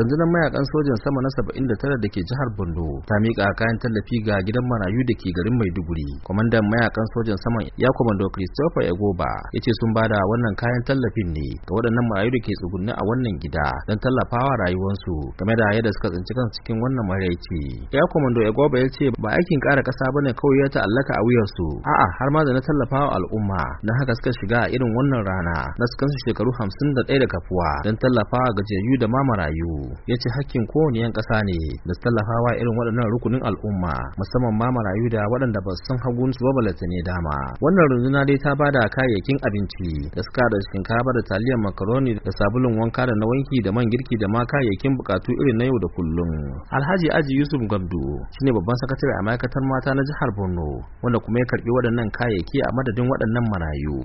rundunar mayakan sojan sama na 79 da ke jihar Bondo ta mika kayan tallafi ga gidan marayu da ke garin Maiduguri. Kwamandan mayakan sojan sama ya kwamando Christopher Egoba ya ce sun bada wannan kayan tallafin ne ga waɗannan marayu da ke tsugunni a wannan gida don tallafawa rayuwarsu game da yadda suka tsinci kansu cikin wannan maraici. Ya kwamando Egoba ya ce ba aikin ƙara ƙasa ba ne kawai ya ta'allaka a wuyarsu a'a har ma da na tallafawa al'umma na haka suka shiga a irin wannan rana na su kansu shekaru 51 da kafuwa don tallafawa gajiyayyu da ma marayu. ya ce hakkin kowane yan ƙasa ne da tallafawa irin waɗannan rukunin al'umma musamman ma marayu da waɗanda ba su san hagun su ba ne dama wannan runduna dai ta bada kayayyakin abinci da suka da shinkafa da taliyar makaroni da sabulun wanka da na wanki da man girki da ma kayayyakin bukatu irin na yau da kullum alhaji aji yusuf gabdu shine babban sakatare a ma'aikatar mata na jihar borno wanda kuma ya karbi waɗannan kayayyaki a madadin waɗannan marayu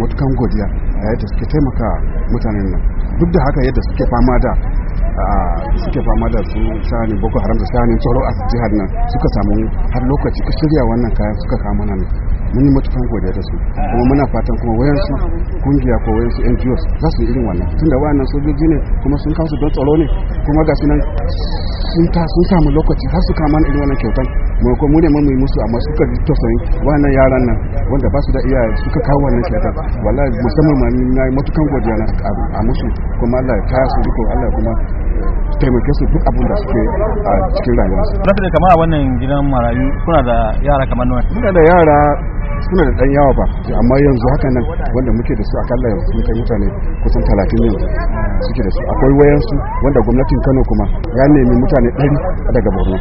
mutukan godiya a yadda suke taimaka mutanen nan duk da haka yadda suke fama da suke fama da su shani boko haram da shani tsoro a jihar nan suka samu har lokaci ka shirya wannan kayan suka kama nan mun yi matukan godiya da su kuma muna fatan kuma su kungiya ko su NGOs za su yi irin wannan tunda wayannan sojoji ne kuma sun kawo su don tsaro ne kuma ga su nan sun ta sun samu lokaci har su kama irin wannan kyautan mu ko mu ne mu yi musu amma suka ji tausayin wannan yaran nan wanda ba su da iyaye suka kawo wannan kyautan wallahi musamman ma ni na yi matukan godiya na a musu kuma Allah ya kasu su duka Allah kuma taimake su duk abin da suke a cikin rayuwarsu. Rafi da kama a wannan gidan marayu kuna da yara kamar nawa? Muna da yara suna da ɗan yawa ba amma yanzu haka nan wanda muke da su akalla yanzu sun kai mutane kusan talatin yanzu suke da su akwai wayansu wanda gwamnatin kano kuma ya nemi mutane ɗari daga borno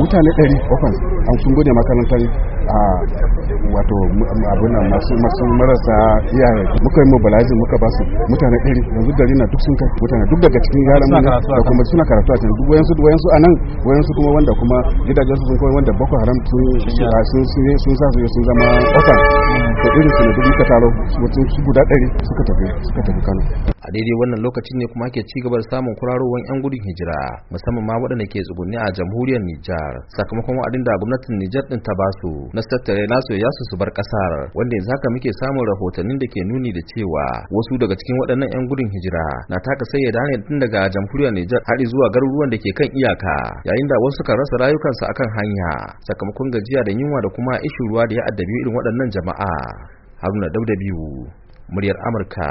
mutane ɗari bakwai an sun gode makarantar a wato abin nan masu masu marasa iyaye muka yi mobilizing muka ba su mutane ɗari yanzu gari na duk sun kai mutane duk daga cikin yaran nan da kuma suna karatu a can duk wayansu wayansu anan wayansu kuma wanda kuma gidajen su sun kai wanda boko haram sun sun sun sa su sun zama otan mm. da irin su ne duk muka taro mutum su guda ɗari suka tafi suka tafi Kano a daidai wannan lokacin ne kuma ake ci gaba da samun kurarowar yan gudun hijira musamman ma waɗanda ke tsugunni a jamhuriyar Nijar sakamakon wa'adin da gwamnatin Nijar din ta basu na tattare nasu ya su bar kasar wanda yanzu haka muke samun rahotannin da ke nuni da cewa wasu daga cikin waɗannan yan gudun hijira na taka sayyada ne tun daga jamhuriyar Nijar har zuwa garuruwan da ke kan iyaka yayin da wasu kan rasa rayukansu akan hanya sakamakon gajiya da yunwa da kuma ishin ruwa da ya addabi irin waɗannan jama'a haruna dauda biyu muryar amurka